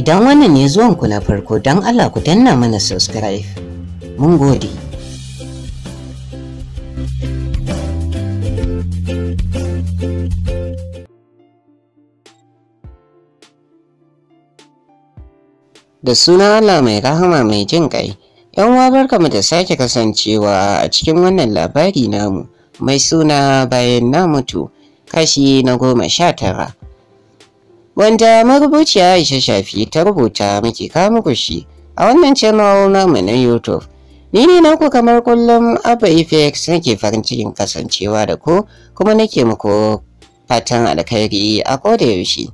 Idan wannan ne zuwan ku na farko don Allah ku danna mana subscribe. Mun gode. Da suna Allah mai rahama mai jin ƙai, ‘yan uwa barkamu da sake kasancewa a cikin wannan labari namu mai suna bayan na mutu kashi na goma sha tara. wanda marubuciya Aisha Shafi ta rubuta muke kama kushi a wannan channel namu na YouTube. Ni ne naku kamar kullum Abba Ifex nake farin cikin kasancewa da ku kuma nake muku fatan alkhairi a koda yaushe.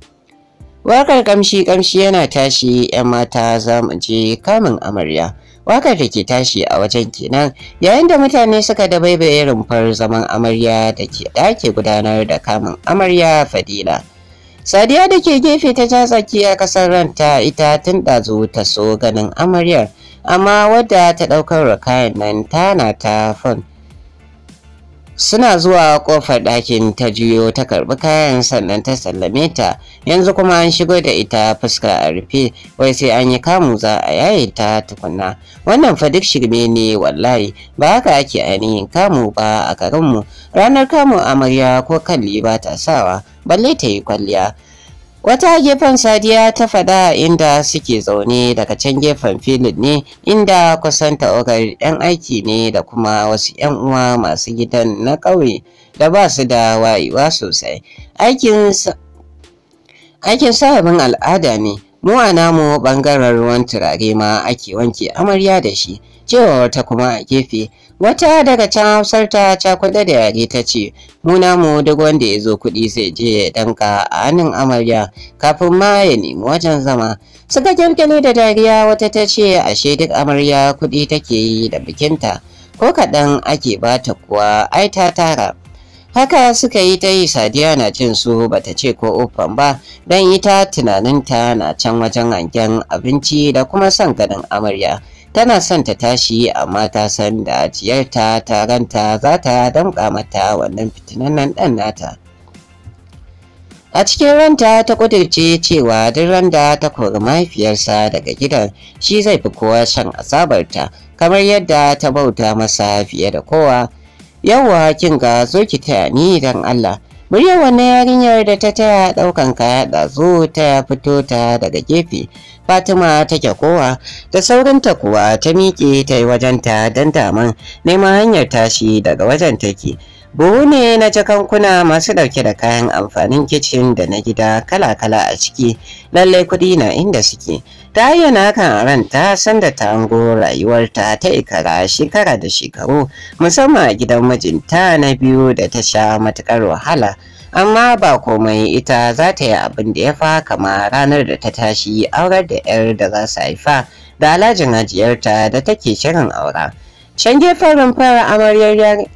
Wakar kamshi kamshi yana tashi 'yan mata za mu je kamun amarya. Wakar da ke tashi a wajen kenan yayin da mutane suka dabaibaye rumfar zaman amarya da ke gudanar da kamun amarya fadila. Sadiya da ke gefe ta ja tsakiyar a kasar ranta ita tun ɗazu ta so ganin amaryar, amma wadda ta ɗaukar kayan nan tana ta fon. Suna zuwa ƙofar ɗakin ta juyo ta karɓi kayan sannan ta sallame ta, yanzu kuma an shigo da ita fuska a rufe, wai sai an yi kamu za a yaye ta tukunna. Wannan fa duk shirme ne wallahi, ba haka ake ainihin kamu ba a karinmu, Ranar kamun amarya ko kalli ba ta sawa, balle ta yi kwalliya. Wata gefen Sadiya ta faɗa inda suke zaune daga can gefen filin ne inda kusan tawagar 'yan aiki ne da kuma wasu 'yan uwa masu gidan na ƙauye da ba su da wayewa sosai. Aikin sahabin al'ada ne, mu a namu ɓangaren ruwan turare ma ake wanke amarya da shi, Cewa wata kuma a gefe Wata daga can hausar ta cakuɗa da yare ta ce, Muna mu duk wanda ya zo kuɗi sai je ya ɗanka a hannun amarya kafin ma ya nemi wajen zama. Suka kyankyani da dariya wata ta ce ashe duk amarya kuɗi take yi da bikinta ko kaɗan ake bata kuwa ai ta tara. Haka suka yi ta yi sadiya na cin su bata ce ko ofan ba don ita tunaninta na can wajen hangen abinci da kuma son ganin amarya. tana son ta tashi amma ta san da ajiyarta ta ranta za ta damƙa mata wannan fitinannen ɗan nata a cikin ranta ta ƙudirce cewa duk randa ta kori mahaifiyarsa daga gidan shi zai fi kowa shan asabarta kamar yadda ta bauta masa fiye da kowa yawwa kin ga zo ki taya ni don allah Muryar wannan yarinyar da ta taya ɗaukan kaya ɗazu ta fito ta daga gefe. Fatima take kowa da saurinta kuwa ta miƙe ta yi wajenta don daman neman hanyar tashi daga wajen take. buhu ne na jakankuna masu ɗauke da kayan amfanin kicin da na gida kala-kala a ciki lallai kuɗi na inda suke ta ayyana kan ranta sanda ta ango rayuwarta ta ikara shekara da shekaru musamman a gidan mijinta na biyu da ta sha matukar wahala amma ba komai ita za ta yi abin da ya fa kama ranar da ta tashi aurar da 'yar da za su haifa da alhajin ajiyarta da take shirin aura. Can gefen rumfar amaryar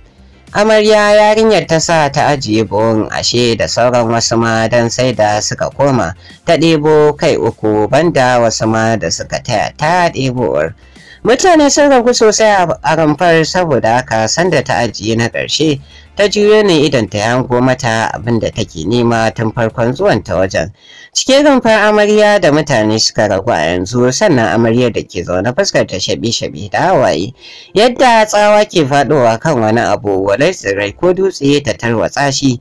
amarya yarinyar ta sa ta ajiye buhun ashe da sauran wasu ma don sai da suka koma ta ɗebo kai uku banda wasu ma da suka taya ta ɗebowar mutane sun ragu sosai a rumfar saboda haka sanda ta ajiye na ƙarshe ta juyo ne idan ta yango mata abin da take nema tun farkon zuwan ta wajen Cikin rumfar amarya da mutane suka ragu a yanzu sannan amaryar da ke zaune fuskar ta shabe-shabe da hawaye. Yadda tsawa ke faɗowa kan wani abu walai tsirrai ko dutse ta tarwatsa shi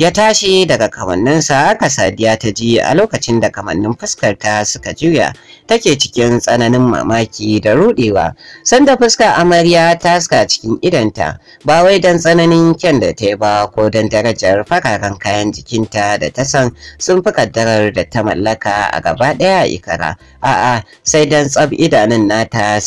ya tashi daga kamanninsa aka sadiya ta ji a lokacin da kamannin fuskarta suka juya take cikin tsananin mamaki da rudewa sanda fuska amarya ta suka cikin idanta ba wai dan tsananin kyan da ta ba ko dan darajar fararen kayan jikinta da ta san sun fi kaddarar da ta mallaka a gaba ɗaya ikara a'a sai dan tsab idanun nata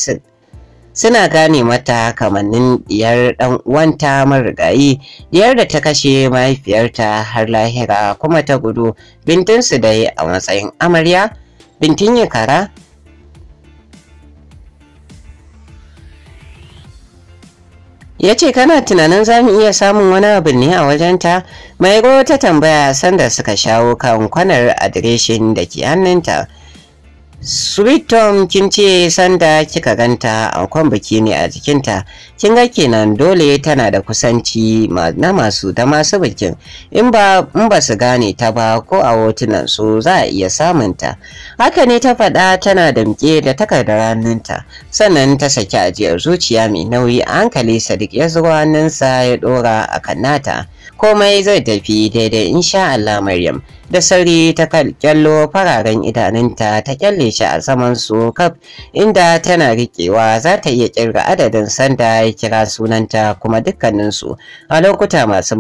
suna gane mata kamannin diyar dan uwanta marigayi diyar da ta kashe mahaifiyarta har lahira kuma ta gudu bintinsu dai a matsayin amarya bintin yakara ya ce kana tunanin za mu iya samun wani abu ne a wajenta mairo ta tambaya sanda suka shawo kan kwanar adireshin da ke hannunta Sweet kin ce sanda kika ganta a kwan biki ne a jikinta, kin ga kenan dole tana da kusanci na masu da masu bikin, in ba in ba su gane ta ba ko a hotunan su za a iya samunta. Haka ne ta faɗa tana da damƙe da takardar hannunta, sannan ta saki ajiyar zuciya mai nauyi a hankali Sadiq ya zuwa hannunsa ya ɗora a kannata. nata. komai zai tafi daidai insha Allah Maryam. Da sauri ta kyallo fararen idanunta ta kyalle shi a saman su kaf inda tana riƙewa za ta iya kirga adadin sanda ya kira sunanta kuma dukkaninsu a lokuta masu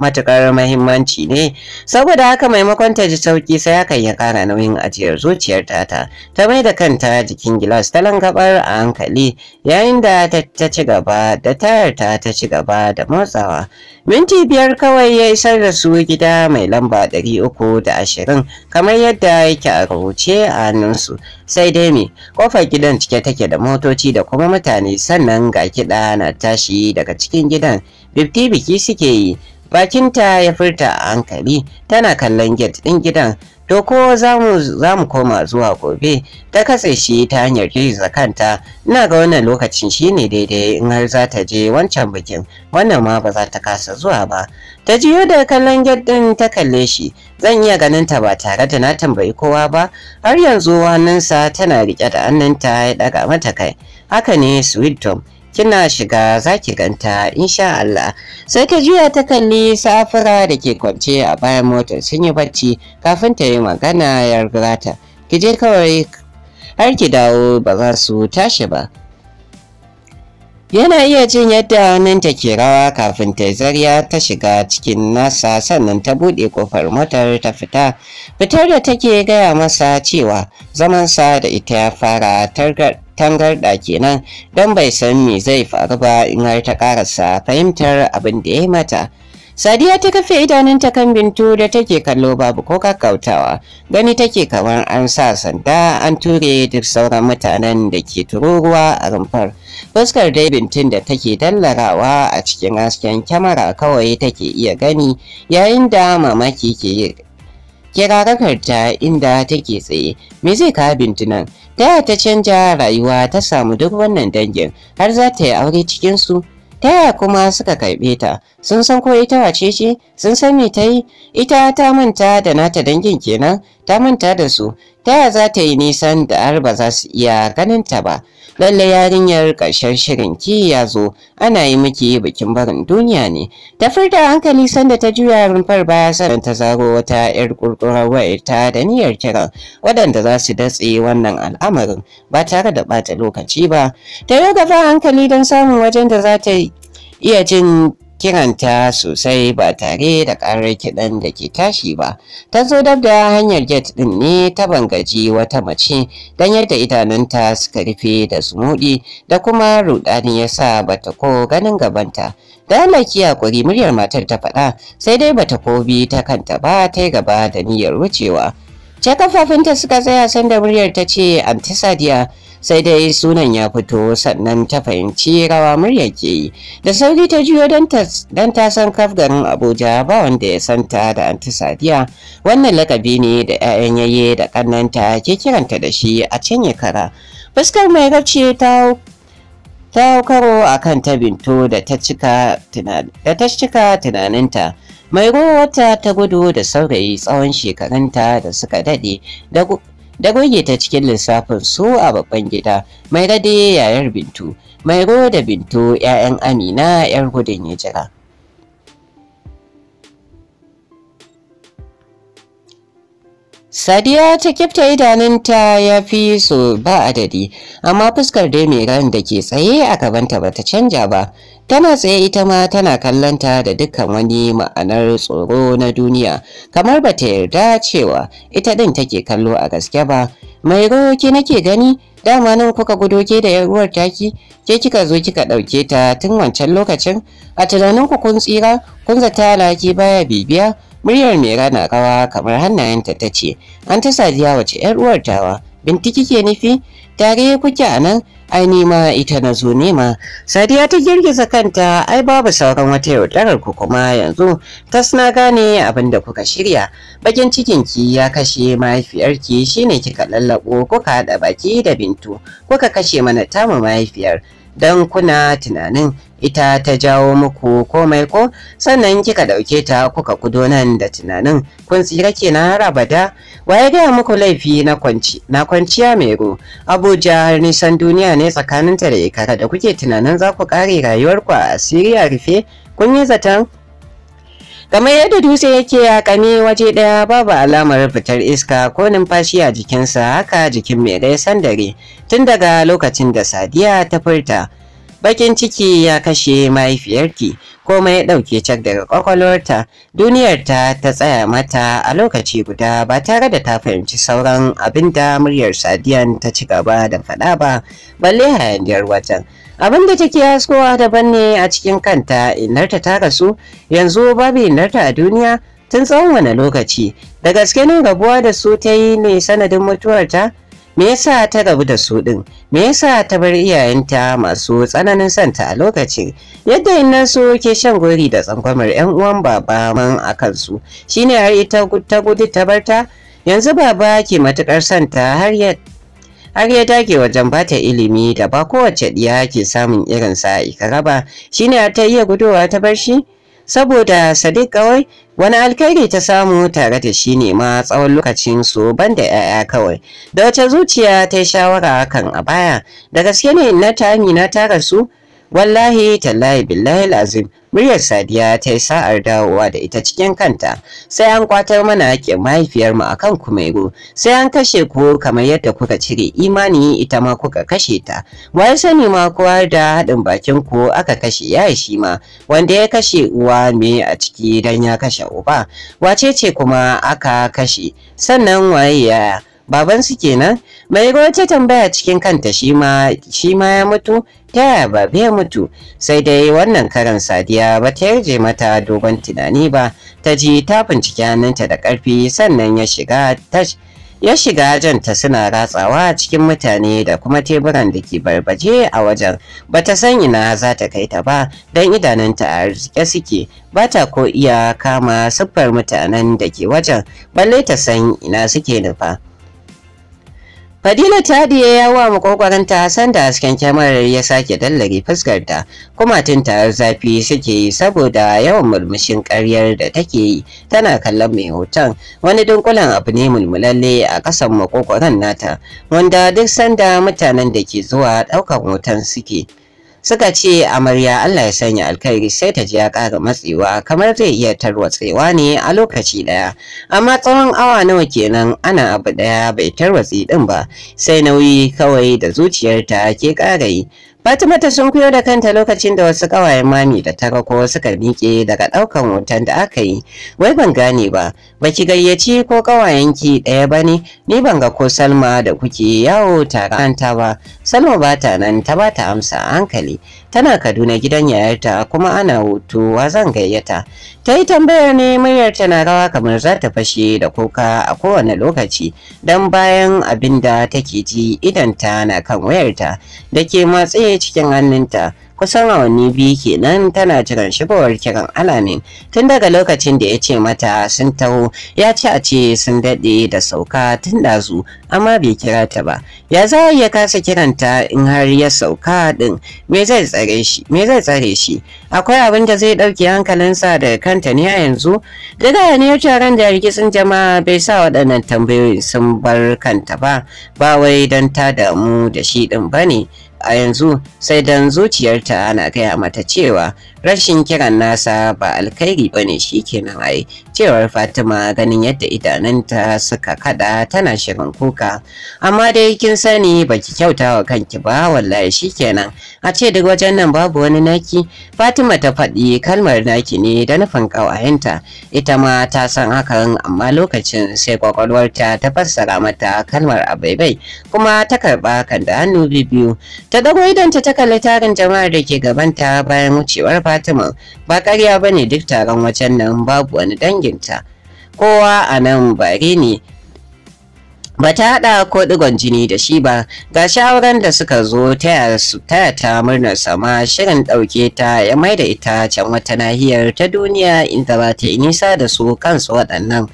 matuƙar mahimmanci ne saboda haka maimakon ta ji sauƙi sai hakan ya ƙara nauyin ajiyar zuciyar ta. ta mai da kanta jikin gilas ta langabar a hankali yayin da ta ci gaba da tayar ta ta ci gaba da motsawa minti biyar kawai ya isar da su gida mai lamba ɗari uku da ashirin kamar yadda yake a rubuce a hannunsu sai dai me kofar gidan cike take da motoci da kuma mutane sannan ga kiɗa na tashi daga cikin gidan bifti biki suke yi bakinta ya furta a hankali tana kallon get ɗin gidan to ko za mu koma zuwa gobe ta katse shi ta hanyar girgiza kanta ina ga wannan lokacin shi ne daidai in har za ta je wancan bikin wannan ma ba za ta kasa zuwa ba ta jiyo da kallon get ɗin ta kalle shi zan iya ganin ta ba tare da na tambayi kowa ba har yanzu hannunsa tana rike da hannunta ya ɗaga mata kai haka ne sweet tom kina shiga za ki ganta insha Allah sai ta juya ta kalli safura da ke kwance a bayan motar sun yi bacci kafin ta yi magana ya rigata ki je kawai har ki dawo ba za su tashi ba yana iya jin yadda ta ke rawa kafin ta zariya ta shiga cikin nasa sannan ta buɗe kofar motar ta fita fitar da take gaya masa cewa zamansa da ita ya fara targar tangarɗa kenan don bai san me zai faru ba in har ta karasa fahimtar abin da ya mata. Sadiya ta kafe idanunta kan Bintu da take kallo babu ko kakkautawa, gani take kamar an sa sanda an ture duk sauran mutanen da ke tururuwa a rumfar. Fuskar dai Bintun da take dallarawa a cikin hasken kyamara kawai take iya gani yayin da mamaki ke ta inda take tsaye me zai kawo bintunan ta yaya ta canja rayuwa ta samu duk wannan dangin har za ta yi aure cikin su ta yaya kuma suka karɓe ta sun san ko ita wace ce sun san me ta yi ita ta manta da nata dangin kenan ta manta da su ta ya za ta yi nisan da har ba za su iya ganin ta ba lalle yarinyar ƙarshen shirin ki ya zo ana yi miki bikin barin duniya ne ta furta hankali sanda ta juya rumfar baya sannan ta zaro wata yar kurkurar wayar ta da niyyar kiran waɗanda za su datse wannan al'amarin ba tare da bata lokaci ba ta yi gaba hankali don samun wajen da za ta iya jin kiranta sosai ba tare da karar kiɗan da ke tashi ba ta zo dab da hanyar gate ɗin ne ta bangaji wata mace don yadda idanunta suka rufe da su mudi, da kuma ruɗani ya sa bata ko ganin gabanta da alaki hakuri muryar matar ta faɗa sai dai bata ko bi ta kanta ba ta yi gaba da niyyar wucewa ce kafafunta suka tsaya sanda muryar ta ce anti sadiya sai dai sunan ya fito sannan ta fahimci rawa murya ke yi da sauri ta juyo don ta san kaf garin abuja ba wanda ya santa da anti sadiya wannan lakabi ne da 'ya'yan yaye da kannanta ke kiranta da shi a cinye kara fuskar mai rabci ta ta karo a kan ta binto da ta cika tunaninta mai wata ta gudu da saurayi tsawon shekarunta da suka dade. da goge ta cikin lissafin su a babban gida mai rade yayar bintu mai ro da bintu 'ya'yan amina 'yar gudun hijira. Sadiya ta kifta idanunta ya fi so ba adadi, amma fuskar dai mai ran da ke tsaye a gabanta ba ta canja ba, tana tsaye ita ma tana kallonta da dukkan wani ma'anar tsoro na duniya kamar ba ta yarda cewa ita ɗin take kallo a gaske ba mai roke nake gani dama nan kuka gudo ke da yaruwar taki ke kika zo kika ɗauke ta tun wancan lokacin a tunanin ku kun tsira kun zata laki baya bibiya muryar mera rana rawa kamar hannayenta ta ce an ta sadiya wace 'yar tawa bintiki kike nufi tare kuke a nan ai nema ita na zo nema sadiya ta girgiza kanta ai babu sauran wata yaudarar ku kuma yanzu Tasna gane abin da kuka shirya bakin cikin ki ya kashe mahaifiyarki shine kika lallabo kuka haɗa baki da bintu kuka kashe mana tamu mahaifiyar don kuna tunanin ita ta jawo muku komai ko sannan kika ɗauke ta kuka kudo nan da tunanin kun tsira kenan har abada waye gaya muku laifi na kwanci na kwanciya mero abuja har nisan duniya ne tsakaninta da ikara da kuke tunanin za ku ƙare rayuwarku a asiriya rufe kun yi zaton kamar yadda dutse yake kame waje ɗaya babu alamar fitar iska ko numfashi a jikinsa haka jikin mai dai dare tun daga lokacin da sadiya ta furta bakin ciki ya kashe mahaifiyarki komai ya dauke cak daga kwakwalwarta. duniyarta ta tsaya mata a lokaci guda ba tare da ta fahimci sauran abin da muryar sadiyan ta ci gaba da faɗa ba balle hayaniyar wajen. abin da take haskowa daban ne a cikin kanta innarta ta rasu yanzu babu innarta a duniya tun tsawon wani lokaci da gaske ne rabuwa da su ta yi ne sanadin mutuwarta me yasa ta rabu da su din me yasa ta bar iyayenta masu tsananin santa a lokacin yadda su ke shan gori da tsangwamar yan uwan baba man a kansu shine har ita ta gudu ta barta yanzu baba ke matukar santa har har ya dage wajen bata ilimi da ba kowace ɗiya ke samun irin sa a ikaraba shine har ta iya gudowa ta bar shi saboda sadiq kawai wani alkhairi ta samu tare da shi ne ma tsawon lokacin su ban da 'ya'ya kawai da wata zuciya ta shawara kan a baya da gaske ne na ta amina ta rasu wallahi tallahi billahi lazim muryar sadiya ta yi sa'ar dawowa da ita cikin kanta sai an kwatar mana haƙƙin mahaifiyarmu a kan kumego sai an kashe ku kamar yadda kuka cire imani ita ma kuka kashe ta wai sani ma kowa da haɗin bakin ku aka kashe ya shi ma wanda ya kashe uwa me a ciki dan ya kashe uba wace ce kuma aka kashe sannan waye yaya Baban su kenan mai ta tambaya cikin kanta shi ma ya mutu ta yaya babu ya mutu sai dai wannan karan sadiya ba ta yarje mata dogon tunani ba ta ji ta bincike hannunta da karfi sannan ya shiga ta ya shiga janta suna ratsawa cikin mutane da kuma teburan da ke barbaje a wajen Ba ta san ina za ta kai ta ba don idanunta a rike suke bata ko iya kama siffar mutanen da ke wajen balle ta san ina suke nufa Fadila ta diye yawa makwakwaranta sanda hasken kyamarar ya sake dallare fuskarta kuma tun zafi suke yi saboda yawan murmushin karyar da take yi tana kallon mai hoton wani dunkulen abu ne mulmulalle a kasan makwakwaran nata wanda duk sanda mutanen da ke zuwa ɗaukar hoton suke suka ce amarya Allah ya sanya alkhairi sai ta ji ya ƙara matsewa kamar zai iya tarwatsewa ne a lokaci ɗaya amma tsawon awa nawa kenan ana abu ɗaya bai tarwatsi ɗin ba sai nauyi kawai da zuciyarta ke ƙara yi Fatima ta sunkuyo da kanta lokacin da wasu ƙawayen mami da ta rako suka miƙe daga ɗaukan hoton da aka yi. Wai ban gane ba, ba ki gayyaci ko ƙawayenki ɗaya ba ne, ni ban ga ko Salma da kuke yawo tare ba. Salma ba ta nan ta ba ta amsa a hankali. tana Kaduna gidan yayarta kuma ana hoto wa zan gayyata. Ta yi tambayar ne muryar tana rawa kamar za ta fashe da kuka a kowane lokaci don bayan abin da take ji idan ta na kan wayarta da ke matse cikin hannunta kusan awanni biyu kenan tana jiran shigowar kiran alamin tun daga lokacin da ya ce mata sun taho ya ce a ce sun daɗe da sauka tun ɗazu amma bai kira ta ba ya za ya kasa kiranta in har ya sauka ɗin me zai tsare shi me zai tsare shi akwai abin da zai ɗauke hankalinsa da kanta ne a yanzu daga ne taron da rikicin jama'a bai sa waɗannan tambayoyin sun bar kanta ba ba wai don ta damu da shi ɗin ba ne a yanzu sai dan zuciyarta na gaya mata cewa rashin kiran nasa ba alkhairi ba ne shi kenan ai cewar fatima ganin yadda idananta suka kada tana shirin kuka amma dai kin sani baki kyautawa kanki ba wallahi shi kenan a ce duk wajen nan babu wani naki fatima ta faɗi kalmar naki ne da nufin ƙawayenta ita ma ta san hakan amma lokacin sai kwakwalwarta ta fassara mata kalmar abaibai kuma ta karɓa kan da hannu biyu ta dago idan ta kalli tarin jama'ar da ke gabanta bayan wucewar Fatima ba ƙarya bane duk taron wajen nan babu wani danginta. Kowa a nan bare ne ba ta haɗa ko digon jini da shi ba ga shawaran da suka zo taya ta murnar sama shirin dauke ta ya mai da ita can wata nahiyar ta duniya inda ba ta nisa da su kansu waɗannan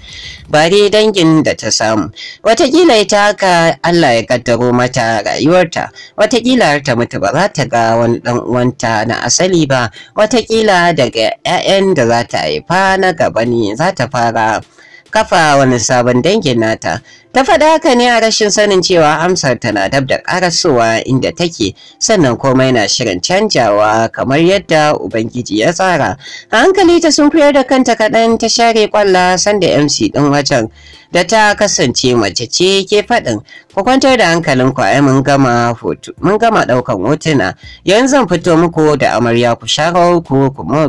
bare dangin da ta samu watakila ita haka Allah ya kaddaro mata rayuwarta watakila ta mutu ba za ta ga wani ɗan uwanta na asali ba watakila daga 'ya'yan da za ta haifa na gaba ne za ta fara kafa wani sabon dangin nata. Ta faɗa haka ne a rashin sanin cewa amsar tana dab da ƙarasowa inda take sannan komai na shirin canjawa kamar yadda Ubangiji ya tsara. A hankali ta sun kuyar da kanta kaɗan ta share kwalla sanda MC ɗin wajen da ta kasance mace ce ke faɗin ku kwantar da hankalin ku ai mun gama hoto mun gama ɗaukan hotuna yanzu zan fito muku da amarya ku sharo ku ku more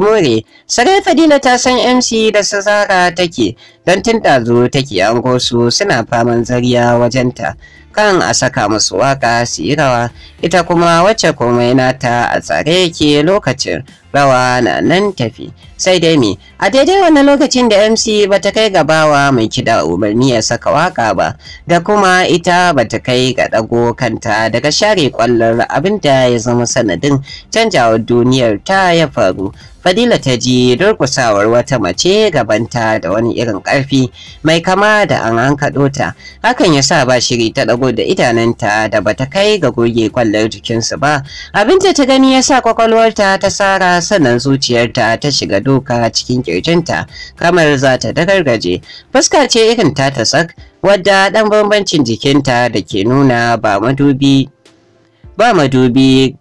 more sarai fadila ta san mc da su sazara take don tun ɗazu take ango su suna faman zariya wajenta kan a saka musu waka su yi rawa ita kuma wacce komai nata a tsare yake lokacin bawa na nan tafi sai dai me a daidai wannan lokacin da mc bata kai ga bawa mai kida umarni ya saka waka ba da kuma ita bata kai ga ɗago kanta daga share kwallon abinda ya zama sanadin canjawar duniyar ta ya faru Fadila ta ji durkusawar wata mace gabanta da wani irin ƙarfi mai kama da an hankaɗo ta. Hakan ya sa ba shiri ta ɗago da idananta da bata kai ga goge kwallon jikinsu ba. Abinda ta gani ya sa kwakwalwarta ta sara sannan zuciyarta ta shiga doka cikin kirjinta kamar za ta dagargaje fuska ce irin ta ta tsak wadda ɗan bambancin jikinta da ke nuna ba madubi ba madubi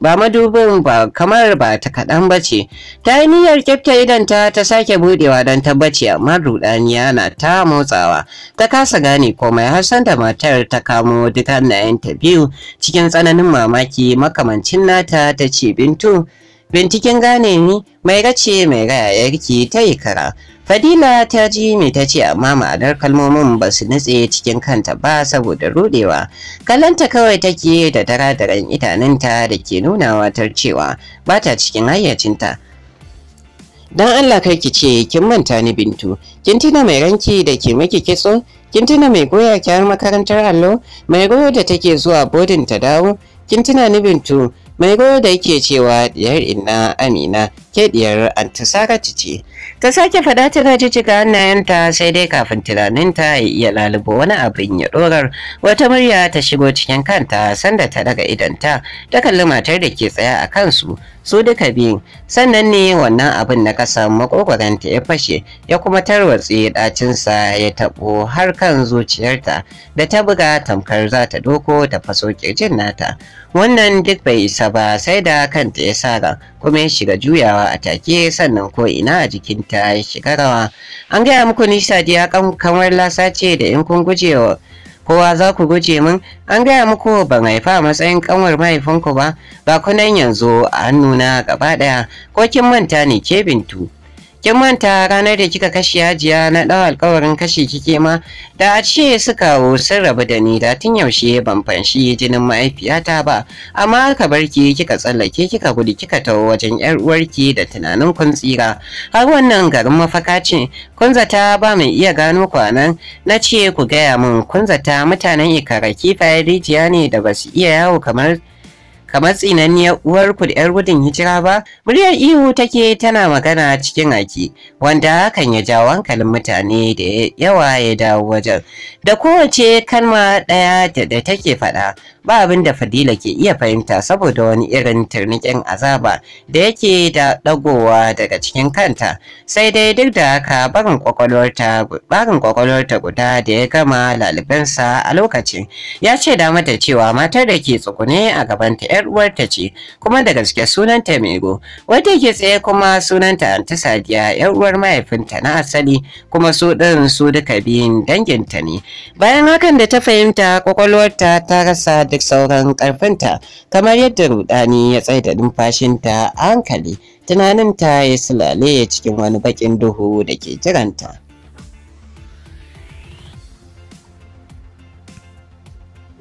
ba madubin ba kamar ba ta kaɗan ba ce ta yi niyyar kyafta idanta ta sake budewa don tabbaci amma rudaniya na ta motsawa ta kasa gane komai har san da matar ta kamo duk hannayenta biyu cikin tsananin mamaki makamancin nata ta ce bintu binciken gane ni mai gace mai rike ta yi kara fadila ta ji me ta ce amma ma'anar kalmomin ba su nutse cikin kanta ba saboda rudewa kalanta kawai take da daradaran idanunta da ke nuna watar cewa ba ta cikin hayyacinta dan allah kai ki ce kin manta ni bintu kin tuna mai ranki da ke miki kitso kin tuna mai goya kyar makarantar allo mai goyo da take zuwa bodin ta dawo kin tuna ni bintu mai goyo da yake cewa diyar ina amina Kediyar diyar antisarati ce ta sake faɗa tana jijjiga hannayenta sai dai kafin tunaninta ya iya lalubo wani abin ya ɗorar wata murya ta shigo cikin kanta sanda ta daga idanta ta kalli matar da ke tsaya a kansu su duka biyun sannan ne wannan abin na ƙasa, makogwaranta ya fashe ya kuma tarwatse ɗacinsa ya taɓo har kan zuciyarta da ta buga tamkar za ta doko ta faso kirjin nata wannan duk bai isa ba sai da kanta ya sara kuma ya shiga juyawa a take sannan ko ina a jikinta ya shiga rawa an gaya muku ni sadiya kamar lasa ce da in kun wa kowa za ku guje min an gaya muku ban haifa a matsayin kanwar mahaifinku ba ba kunan yanzu a hannuna gaba daya ko kin manta ne ke bintu kin manta ranar da kika kashe hajiya na ɗau alƙawarin kashe kike ma da a ce su kawo sun rabu da ni da tun yaushe ban fanshi jinin mahaifiyata ba amma ka bar ki kika tsallake kika gudu kika taho wajen yar uwarki da tunanin kun tsira har wannan garin mafaka ce kun zata ba mai iya gano kwanan na ce ku gaya min kun zata mutanen ikara kifaye rijiya ne da basu iya yawo kamar kamar tsinanniyar uwarku da 'yar gudun hijira ba muryar ihu take tana magana cikin aiki, wanda hakan ya jawo hankalin mutane da yawa ya dawo wajen da kowace kalma ɗaya da take faɗa ba abin da fadila ke iya fahimta saboda wani irin turnikin azaba da yake da dagowa daga cikin kanta sai dai duk da haka barin kwakwalwarta barin kwakwalwarta guda da ya gama lalibansa a lokacin ya ce da mata cewa matar da ke tsugune a gaban gabanta yar uwarta ce kuma da gaske sunanta mego wata ke tsaye kuma sunanta anta sadiya yar uwar mahaifinta na asali kuma su din su duka biyun danginta ne bayan hakan da ta fahimta kwakwalwarta ta rasa duk sauran karfinta kamar yadda rudani ya tsaida numfashinta a hankali ta ya sulale cikin wani baƙin duhu da ke jiranta.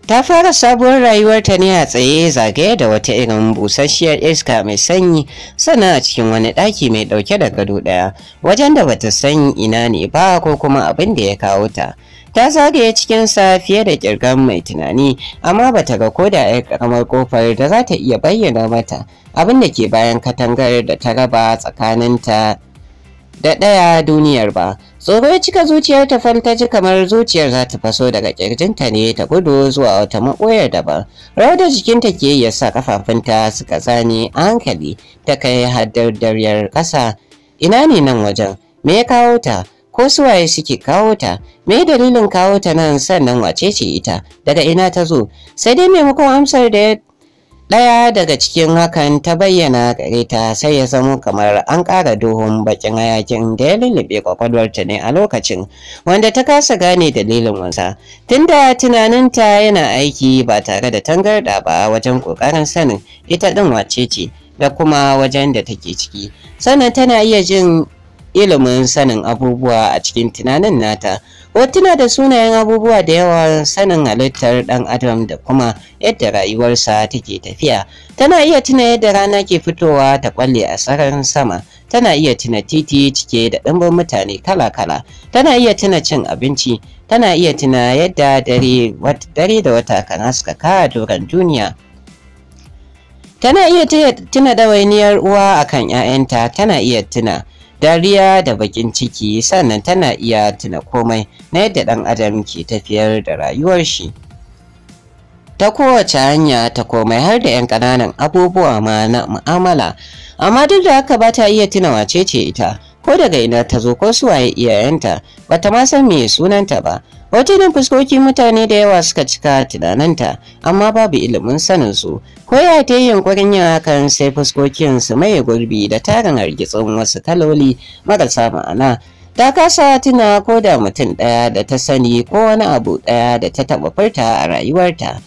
ta fara sabuwar rayuwarta ne a tsaye zagaye da wata irin busasshiyar iska mai sanyi sannan a cikin wani ɗaki mai ɗauke da gado ɗaya wajen da bata san ina ne ba ko kuma abin da ya kawo ta ta zagaye cikinsa fiye da kirgan mai tunani amma bata ga koda yar karamar kofar da za ta iya bayyana mata abin da ke bayan katangar da ta raba tsakaninta da ɗaya duniyar ba Tsoro ya cika zuciyar ta ta ji kamar zuciyar za ta faso daga kirjinta ne ta gudu zuwa wata makoyar daban. Rawar da jikinta ke ya sa kafafunta suka tsani a hankali ta kai haddardariyar kasa Ina ne nan wajen? Me ya kawo ta? Ko suwaye suke kawo ta? Me dalilin kawo ta nan sannan wace ce ita? Daga ina ta zo? Sai dai maimakon amsar da ya Ɗaya daga cikin hakan ta bayyana gare ta sai ya zama kamar an ƙara duhun bakin hayakin da ya lullube kwakwalwarta ne a lokacin wanda ta kasa gane dalilin wasa tunda tunaninta yana aiki ba tare da tangarda ba wajen ƙoƙarin sanin ita ɗin wace da kuma wajen da take ciki sannan tana iya jin ilimin sanin abubuwa a cikin tunanin nata hotuna da sunayen abubuwa da yawa sanin halittar dan adam da kuma yadda rayuwarsa take tafiya tana iya tuna yadda rana ke fitowa ta kwalle a sararin sama tana iya tuna titi cike da ɗimbin mutane kala-kala tana iya tuna cin abinci tana iya tuna yadda dare da wata kana suka kara doron duniya tana iya tuna dawainiyar uwa akan 'ya'yanta tana iya tuna dariya da bakin ciki sannan tana iya tuna komai na yadda ɗan adam ke tafiyar da rayuwar shi ta kowace hanya ta komai har da 'yan kananan abubuwa ma na mu'amala amma duk da haka ba ta iya tuna wace ce ita ko daga ina ta zo ko suwaye iyayenta ba ta ma san me sunanta ba hotunan fuskoki mutane da yawa suka cika tunaninta amma babu ilimin sanin su ko ya ta yunkurin yin hakan sai fuskokin su maye gurbi da tarin hargitsin wasu kaloli marasa ma'ana ta kasa tuna ko da mutum ɗaya da ta sani ko wani abu ɗaya da ta taɓa furta a rayuwarta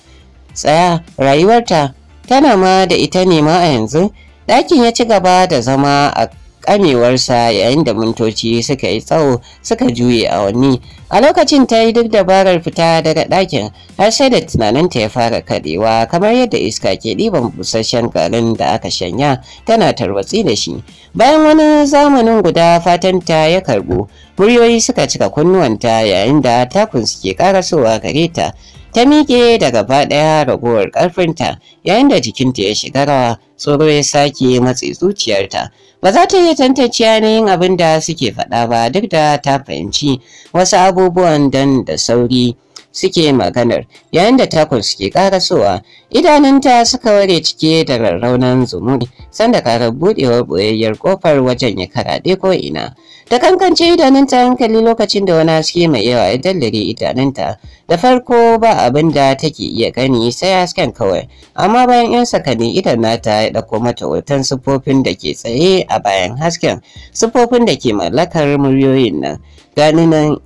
tsaya rayuwarta tana ma da ita ne ma a yanzu ɗakin ya ci gaba da zama a kamewarsa yayin da mintoci suka yi tsawo suka juye a awanni a lokacin ta yi duk dabarar fita daga ɗakin har sai da tunaninta ya fara karewa kamar yadda iska ke ɗiban busasshen garin da aka shanya tana tarwatsi da shi bayan wani zamanin guda fatanta ya karbu muryoyi suka cika kunnuwanta yayin da takun suke karasowa gare ta ta miƙe da gaba ɗaya ragowar ƙarfinta yayin da jikinta ya shiga rawa tsoro ya sake matsi zuciyarta ba za ta iya tantance yanayin abin da suke faɗa ba duk da ta fahimci wasu abubuwan dan da sauri suke maganar yayin da takun suke karasowa idanunta suka ware cike da rarraunan zumuri sanda karar buɗewar ɓoyayyar ƙofar wajen ya karaɗe ko ina ta kankance idanunta hankali lokacin da wani haske mai yawa ya dallare idanunta da farko ba abin da take iya gani sai hasken kawai amma bayan yan sakani idan nata ya ɗauko mata hoton siffofin da ke tsaye a bayan hasken siffofin da ke mallakar muryoyin nan ganin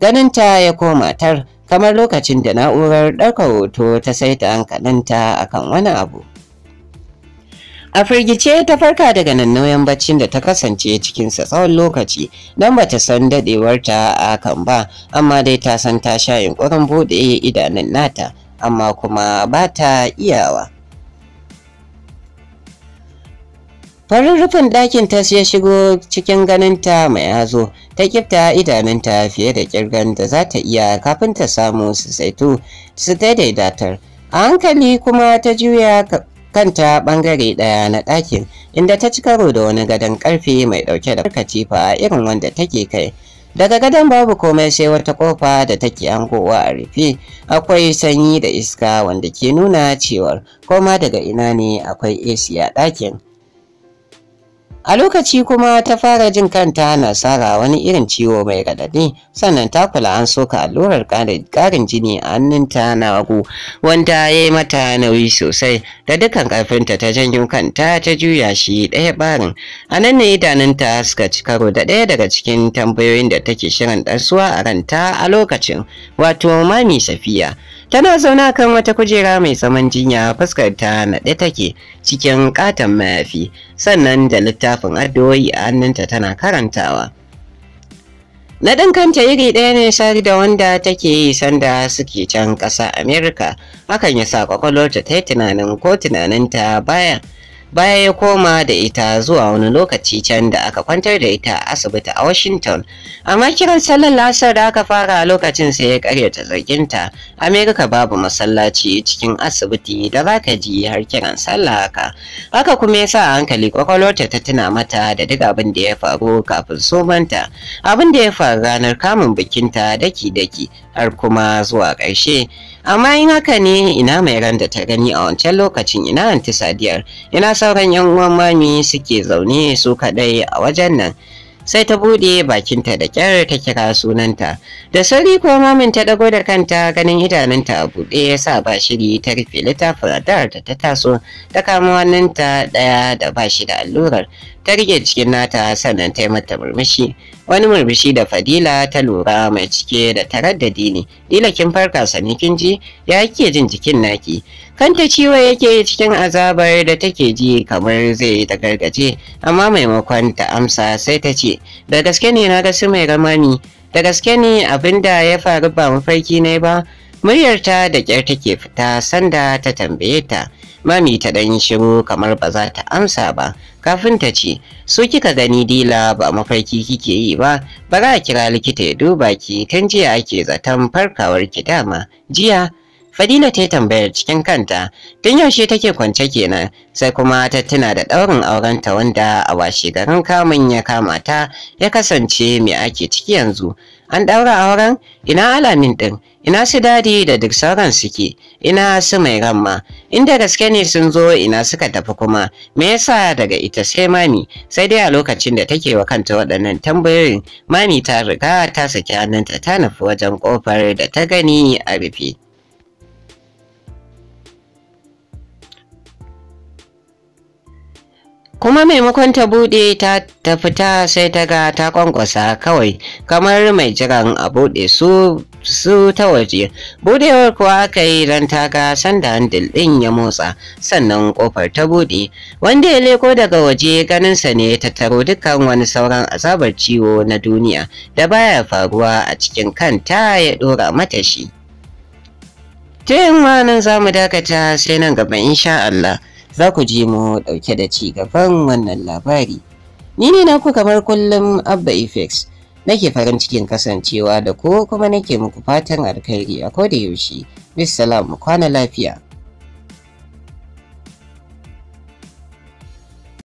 ganinta ya koma tar kamar lokacin da na'urar ɗaukar hoto ta saita hankalinta akan wani abu A firgice ta farka daga nannoyan baccin da ta kasance cikinsa tsawon lokaci don bata san ta a kan ba, amma dai ta san ta sha yunƙurin buɗe idanun nata, amma kuma ba ta iyawa. Farin rufin ɗakin ta ya shigo cikin ganinta mai hazo, ta kifta idanunta fiye da kirgan da za ta iya kafin ta samu su saitu su datar, A hankali kuma ta juya kanta bangare daya na ɗakin inda ta ci karo da wani gadon karfe mai ɗauke da katifa irin wanda take kai daga gadon babu komai sai wata kofa da take hankowa a rufe akwai sanyi da iska wanda ke nuna cewar koma daga ina ne akwai ac a ɗakin A lokaci kuma ta fara jin kanta na tsara wani irin ciwo mai raɗaɗi sannan ta kula an soka allurar ƙarin jini a hannunta na wagu wanda ya yi mata nauyi sosai da dukkan ƙarfinta ta janyo kanta ta juya shi ɗaya barin. A nan ne idanunta suka ci karo da ɗaya daga cikin tambayoyin da take shirin ɗansuwa a ranta a lokacin wato mami safiya. Tana zauna kan wata kujera mai saman jinya fuskar ta naɗe take cikin katon mayafi sannan da littafin addu'o'i a hannunta tana karantawa. Na Naɗin kanta iri ɗaya ne shari da wanda take yi sanda suke can ƙasa Amerika hakan ya sa ƙwaƙwalwarta ta yi tunanin ko tunaninta baya baya ya koma da ita zuwa wani lokaci can da aka kwantar da ita a asibiti a Washington. Amma kiran sallar lasar da aka fara a lokacin sai ya karyata zarginta, Amerika babu masallaci cikin asibiti da za ka ji har kiran sallah haka. Haka kuma ya sa hankali kwakwalwarta ta tuna mata da duk abin da ya faru kafin somanta, abin da ya faru ranar kamun bikinta daki-daki har kuma zuwa ƙarshe. amma in haka ne ina mai ran da ta gani a wancan lokacin ina anti sadiyar ina sauran yan uwan mami suke zaune su kadai a wajen nan sai ta bude bakinta da kyar ta kira sunanta da sauri ko mamin ta dago da kanta ganin idanunta a bude ya sa ba shiri ta rufe littafin da ta taso ta kama hannunta daya da ba shi da allurar ta rike cikin nata sannan ta yi mata murmushi wani murmushi da fadila ta lura mai cike da tarar da dini. dila kin farka sani kin ji ya ke jin jikin naki kanta ciwo yake cikin azabar da take ji kamar zai ta gargaje amma maimakon ta amsa sai ta ce da gaske ne na ga su mai ramani da gaske ne abin da ya faru ba mafarki ne ba muryarta da kyar take fita sanda ta tambaye ta Mami ta ɗan shiru kamar ba za ta amsa ba, kafin ta ce, so kika gani dila ba mafarki kike yi ba, ba za a kira likita ya duba ki tun jiya ake zaton farkawar ki dama. Jiya, Fadila ta tambayar cikin kanta, tun yaushe take kwance kenan, sai kuma ta tuna da ɗaurin aurenta wanda a washe garin kamun ya kama ta ya kasance me ake ciki yanzu. an ɗaura auren ina alamin ɗin ina su dadi da duk sauran suke ina su mai ramma inda gaske ne sun zo ina suka tafi kuma me yasa daga ita sai mami sai dai a lokacin da take wa kanta waɗannan tambayoyin mami ta riga ta saki hannunta ta nufi wajen ƙofar da ta gani a rufe kuma maimakon ta buɗe ta ta fita sai ta ga ta kwankwasa kawai kamar mai jiran a buɗe su su ta waje buɗewar kuwa aka yi don ta ga sanda handil ɗin ya motsa sannan kofar ta buɗe wanda ya leko daga waje ganinsa ne ta taro dukkan wani sauran azabar ciwo na duniya da baya faruwa a cikin kanta ya ɗora mata shi. Ta yin nan za dakata sai nan gaba insha Allah. za ku je mu ɗauke da ci gaban wannan labari. Ni ne na naku kamar kullum Abba Effects nake farin cikin kasancewa da ko kuma nake muku fatan alkhairi a koda yaushe. Bisalamu kwana lafiya.